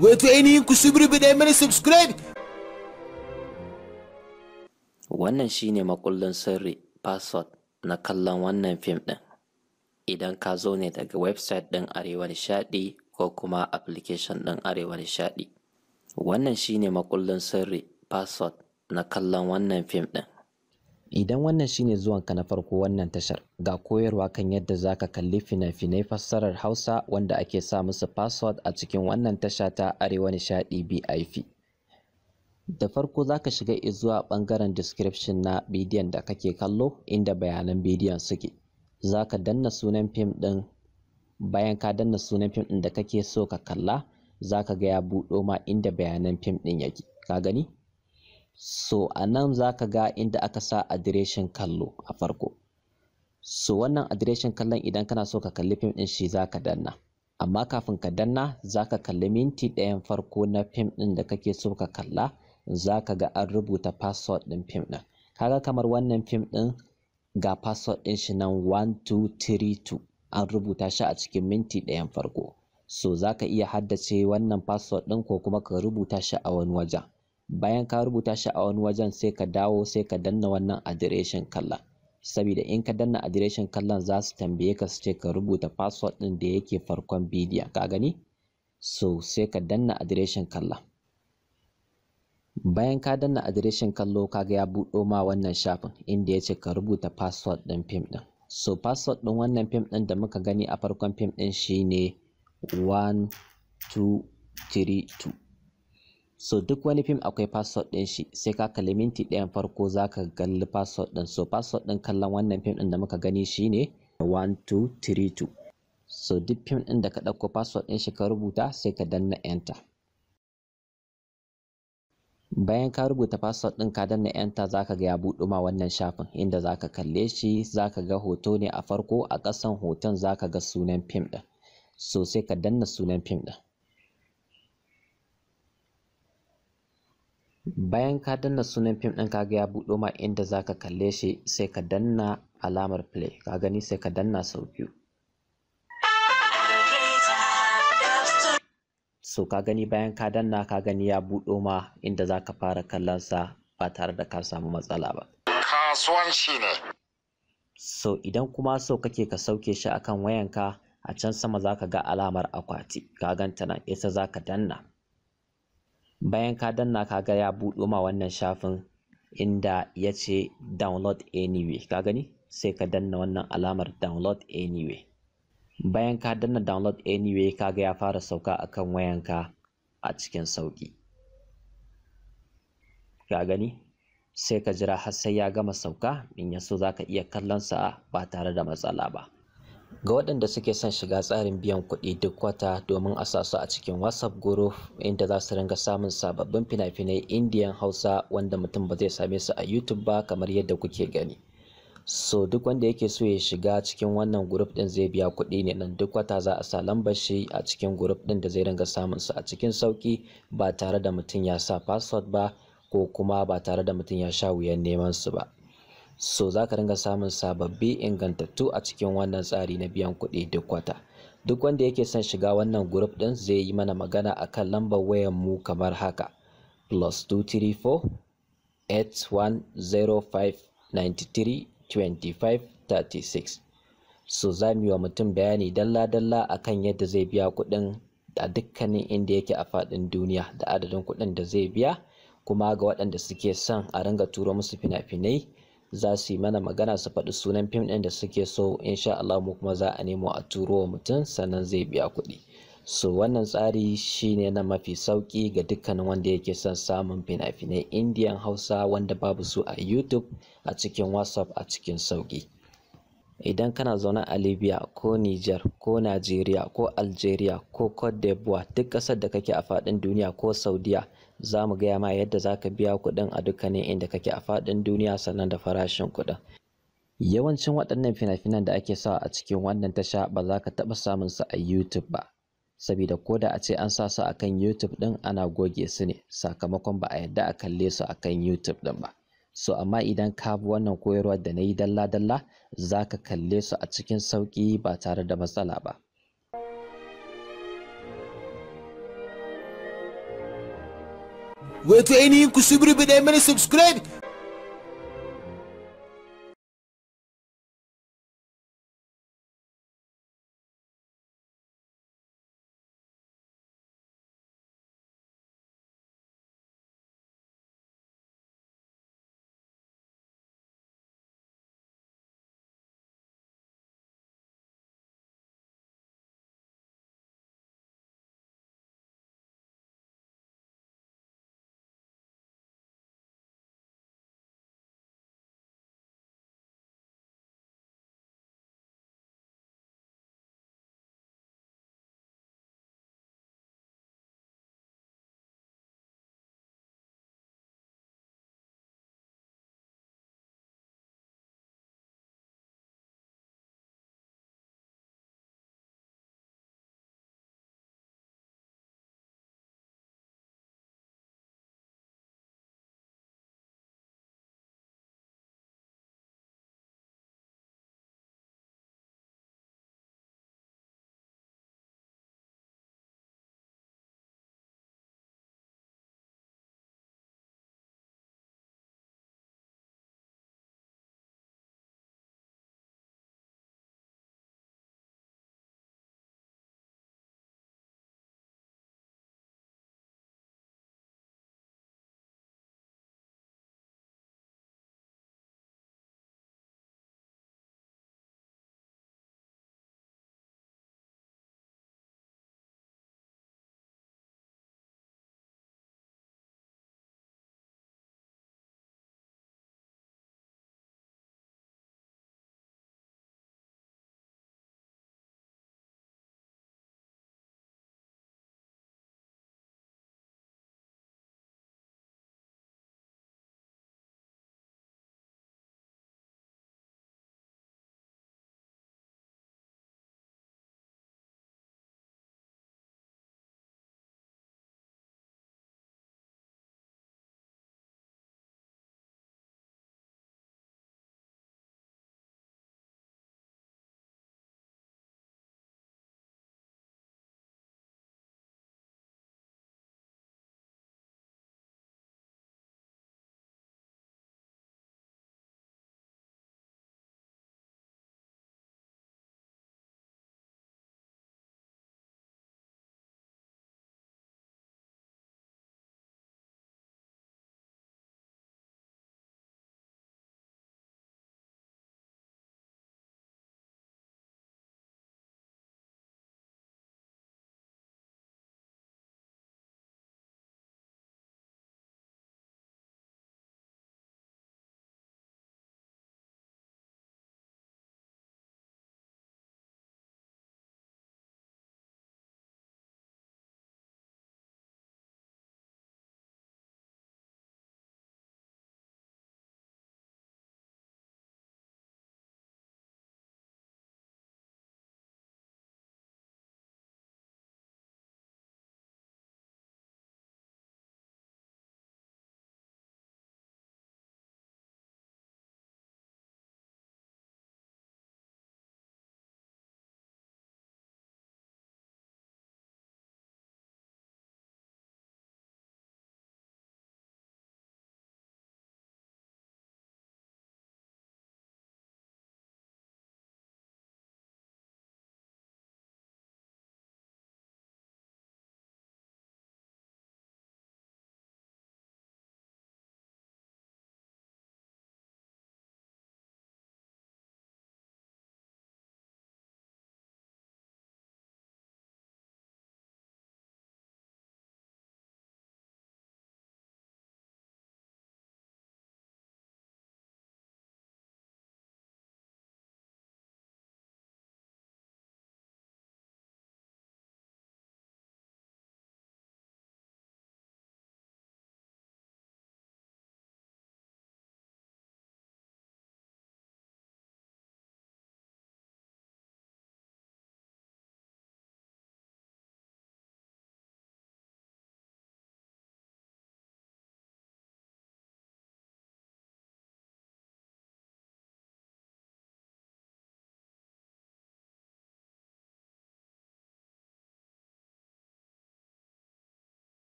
wato ainihin ku subirbida mana subscribe wannan shine makullin sirri password na kallon wannan fim din idan ka zo ne daga website din arewa nishadi ko kuma application din arewa nishadi wannan shine makullin sirri password na kallon wannan fim din Idan wannan shine zuwanka na farko wannan tashar ga koyarwa kan yadda zaka kalli fina-finai fassarar Hausa wanda ake sa musu password a cikin wannan tasha ta Arewa Nishaɗi BIP. Da farko zaka shiga zuwa ɓangaren description na bidiyon da kake kallo inda bayanan bidiyon suke. Zaka danna sunan fim ɗin bayan ka danna sunan fim ɗin da kake so ka kalla zaka ga ya buɗo ma inda bayanan fim ɗin yake. Ka gani? so a nan za ka ga inda aka sa adireshin kallo a farko so wannan adireshin kallon idan kana so ka kalli fim din shi za ka danna amma kafin ka danna za ka kalli minti ɗayan farko na fim din da kake so ka kalla za ka ga an rubuta password din fim din kaga kamar wannan fim din ga password din shi nan 1232 an rubuta shi a cikin minti ɗayan farko so za ka iya haddace wannan password din ko kuma ka rubuta shi a wani wajen bayan ka rubuta shi a wani wajen sai ka dawo sai ka danna wannan adireshin kallon saboda in ka danna adireshin kallon za su tambaye ka su ce ka rubuta password ɗin da yake farkon bidiyon ka gani so sai ka danna adireshin kallon bayan ka danna adireshin kallo kaga ya buɗo ma wannan shafin inda ya ce ka rubuta password ɗin fim ɗin so password ɗin wannan fim ɗin da muka gani a farkon fim ɗin shine 1232 so duk wani fim akwai password din shi sai ka kalli minti ɗayan farko za ka kalli password din so password din kallon wannan fim din da muka gani shi shine 1232 so duk fim din da ka ɗauko password ɗin shi ka rubuta sai ka danna enter bayan ka rubuta password din ka danna enter zaka ga ya buɗe ma wannan shafin inda za ka kalle shi za ka ga hoto ne a farko a ƙasan hoton za ka ga sunan fim ɗin so sai ka danna sunan fim ɗin bayan ka danna sunan fim ɗin kaga ya buɗo ma inda zaka kalle shi sai ka danna alamar play ka gani sai ka danna sau biyu so ka gani bayan ka danna ka gani ya buɗo ma inda zaka fara kallon sa ba tare da ka samu matsala ba kasuwanci ne so idan kuma so kake ka sauke shi akan wayanka a can sama zaka ga alamar akwati ka ganta nan ita zaka danna bayan ka danna kaga ya buɗo ma wannan shafin inda ya ce download anyway ka gani sai ka danna wannan alamar download anyway bayan ka danna download anyway kaga ya fara sauka a akan wayanka a cikin sauki ka gani sai ka jira har sai ya gama sauka in ya so ka iya kallon sa ba tare da matsala ba ga waɗanda suke son shiga tsarin biyan kuɗi duk wata domin a su a cikin whatsapp group inda za su ringa samun sababbin fina-finai indian hausa wanda mutum ba zai same su a youtube ba kamar yadda kuke gani so duk wanda yake so ya shiga cikin wannan group din zai biya kuɗi ne nan duk wata za a sa lambashi a cikin group din da zai ringa samun su a cikin sauki ba tare da mutum ya sa password ba ko kuma ba tare da mutum ya sha wuyan neman su ba so za ka ringa samun sababbi ingantattu a cikin wannan tsari na biyan kuɗi duk wata duk wanda yake son shiga wannan group ɗin zai yi mana magana a kan lambar wayan mu kamar haka plus 234 8105 93 25 36 so za mu yi wa mutum bayani dalla-dalla kan yadda zai biya kuɗin a dukkanin inda yake a faɗin duniya da adadin kuɗin da zai biya kuma ga waɗanda suke son a ringa turo musu fina-finai za su yi mana magana su faɗi sunan fim ɗin da suke so sha Allah mu kuma za a nemo a turo wa mutum sannan zai biya kuɗi so wannan tsari shine na mafi sauki ga dukkanin wanda yake son samun fina-finai indian hausa wanda babu su a youtube a cikin whatsapp a cikin sauki idan kana zaune a libya ko niger ko nigeria ko algeria ko cote d'ivoire duk ƙasar da kake a faɗin duniya ko saudiya za mu gaya ma yadda za ka biya kuɗin a dukkanin inda kake a faɗin duniya sannan da farashin kuɗin yawancin waɗannan fina-finan da ake sawa a cikin wannan tasha ba za ka taɓa samun su a youtube ba sabida ko da a ce an sa su kan youtube ɗin ana goge su ne sakamakon ba a yadda a kalle su a kan youtube ɗin ba so amma idan ka bi wannan koyarwar da na yi dalla-dalla za ka kalle su a cikin sauƙi ba tare da matsala ba وقفوا عينيكم صبروا بدايما سبسكرايب